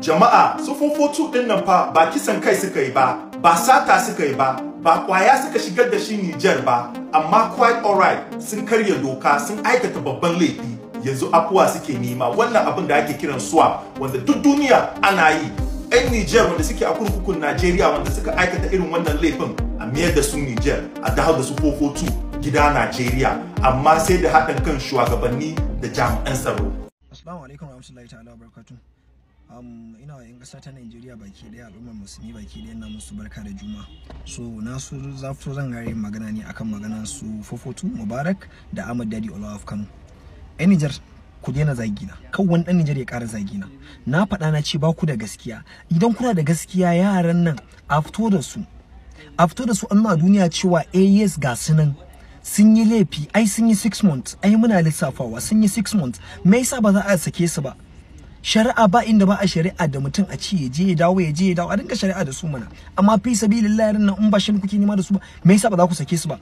jama'a su fofo din nan fa ba kisan kai suka yi ba ba sata suka yi ba ba kwaya suka shigar da shi Nijar ba amma quite alright sun karya doka sun aikata babban laifi yanzu afuwa suke nema wannan abin da ake kiran suwa wanda duk duniya ana yi 'yan Nijar wanda suke a kurkukun Najeriya wanda suka aikata irin wannan laifin a miyar da su Nijar a dawo da su fofotu gida Najeriya amma sai da haɗin kan shugabanni da jami'an tsaro. Assalamu alaikum rahmatullahi ta'ala barakatuh um, ina wa 'yan ƙasa ta Najeriya baki daya al'ummar musulmi baki daya na musu barka da juma so na su za zan gari magana ne akan magana su fofotu mubarak da ahmad dadi olawaf kano yan nijar ku daina zagina kan wani dan nijar ya ƙara zagina na faɗa na ce ba ku da gaskiya idan kuna da gaskiya yaran nan a fito da su a fito da su an ma duniya cewa AES eh, ga su nan sun yi laifi ai sun yi 6 months ai muna lissafawa sun yi 6 months me yasa ba za a sake su ba shari'a ba inda ba a shari'a da mutum a ci ya je ya dawo ya je ya dawo a dinga shari'a da su mana amma fi sabilillahi nan in ba shin kuke nima da su ba me yasa ba za ku sake su ba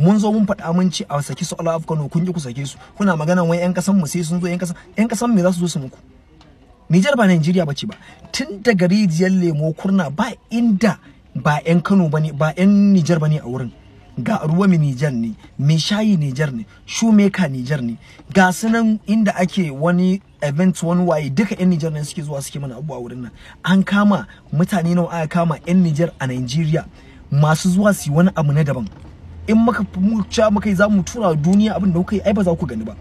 mun zo mun faɗa mun ci a sake su Allah afkano kun ji ku sake su kuna magana wai yan kasan mu sai sun zo yan kasan yan kasan me za su zo su muku Nijar ba Najeriya ce ba tun daga rijiyar lemo kurna ba inda ba yan Kano bane ba yan Nijar bane a wurin ga ruwami Nijar ne mai shayi Nijar ne shoemaker Nijar ne ga sunan inda ake wani event wani waye duka yan Nijar ne suke zuwa suke mana abubuwa wurin nan an kama mutane nawa aka kama yan Nijar a Nigeria masu zuwa su wani abu na daban in muka muka muka za mu tura duniya abin da kuka yi ai ba za ku gani ba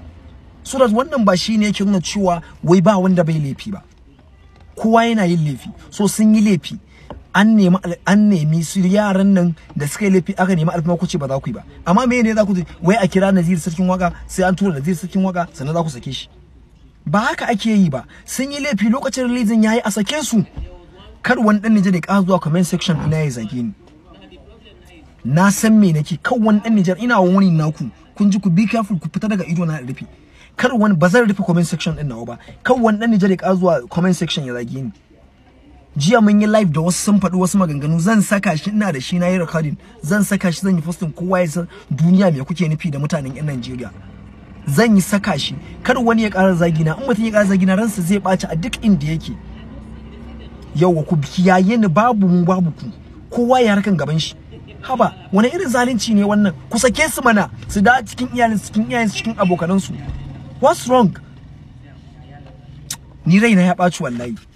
surat wannan ba shi ne yake nuna cewa wai ba wanda bai laifi ba kowa yana yin laifi so sun yi laifi an nemi an nemi su yaran nan da suka yi laifi aka nemi alfama kuce ce ba za ku yi ba amma me ne za ku wai a kira Nazir sarkin waka sai an tura Nazir sarkin waka sannan za ku sake shi ba haka ake yi ba sun yi laifi lokacin releasing yayi a sake su kar wani dan Nijar ya ka zuwa comment section ina ya zage ni na san me nake kar wani dan Nijar ina wani naku kun ji ku be careful ku fita daga ido na rufe kar wani bazan rufe comment section din nawa ba kar wani dan Nijar ya ka zuwa comment section ya zage ni jiya mun yi live da wasu sun faɗi wasu maganganu zan saka shi ina da shi na yi recording zan saka shi zan yi posting kowa ya san duniya me kuke nufi da mutanen yan Najeriya zan yi saka shi kar wani ya ƙara zagina in mutum ya ƙara zagina ransa zai ɓaci a duk inda yake yau ku kiyaye ni babu mu babu ku kowa ya harkan gaban shi haba wani irin zalunci ne wannan ku sake su mana su da cikin iyalin cikin iyayen cikin abokanansu what's wrong ni raina ya ɓaci wallahi